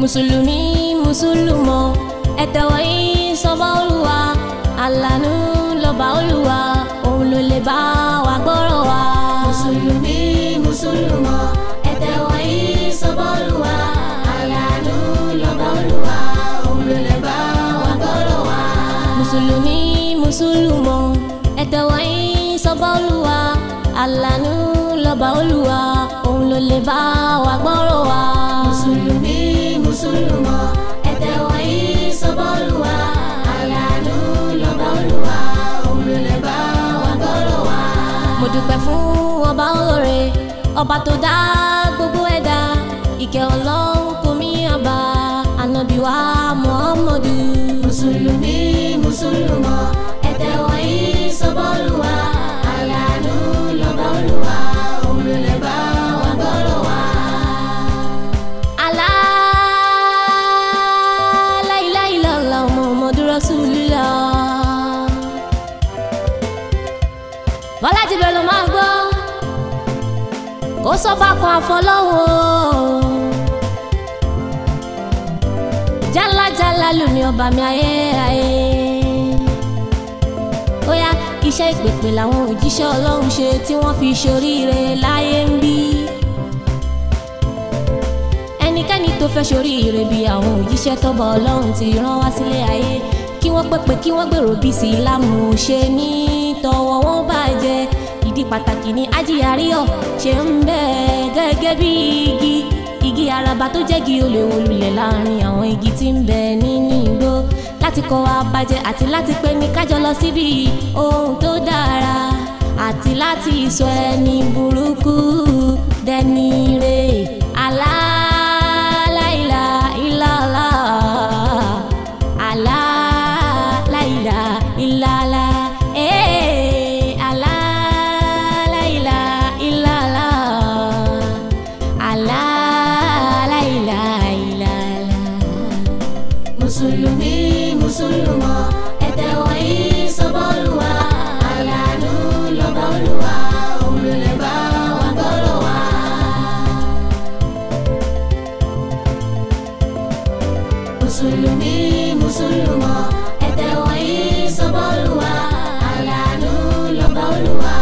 mùsùlùmí mùsùlùmọ̀ ẹ tẹ̀wọ́ yín sọ́bọ̀ olúwa àlànà lọ́ba olúwa òun ló lè bá wa gbọ́rọ̀ wa. mùsùlùmí mùsùlùmọ̀ ẹ tẹ̀wọ́ yín sọ́bọ̀ olúwa àlànà lọ́ba olúwa wa gbọ́rọ̀ wa. mùsùlùmí mùsùlùmọ̀ ẹ tẹ̀wọ́ yín sọ́bọ̀ olúwa àlànà lọ́ba olúwa òun ló wa gbọ́rọ̀ wa olùmọ̀ ẹ̀tẹ̀ wọ̀nyí sọ́bọ̀ olùwà àyànú lọ́ba olùwà òun lè bá wa gbọ́rọ̀ wá. mo dúpẹ́ fún ọba olóore ọba tó dá gbogbo ẹ̀dá ìkẹ́ ọlọ́run kò mí àbá ànábì Muhammadu. bọ́lá ti bẹ̀rù máa gbọ́ kó sọ́ba kan àfọlọ́wọ́ jálajàla lù ní ọba mi ayé ayé ó yá iṣẹ́ ìpèpè làwọn òjíṣẹ́ ọlọ́run ṣe tí wọ́n fi ṣoríire láyé ń bí ẹnikẹ́ni tó fẹ́ ṣoríire bí àwọn òjíṣẹ́ tó ọlọ́run ti rán wá sílé ayé pèpè kí wọ́n gbèrò bí sí lámù ṣe ní tọwọ́ wọn bàjẹ́ ìdí pàtàkì ni ajíyàríyọ̀ ṣe ń bẹ gẹ́gẹ́ bí igi igi araba tó jẹ́gi olè olùlẹ̀ láàrin àwọn igi tí ń bẹ nínú igbó láti kọ́ wa àti láti pé ní kájọ lọ síbi ohun tó dára àti láti sọ ẹni burúkú. mùsùlùmí mùsùlùmọ̀ ẹ̀tẹ̀ wọ̀nyí sọ́bọ̀ olùwà àyànú lọ́ba olùwà.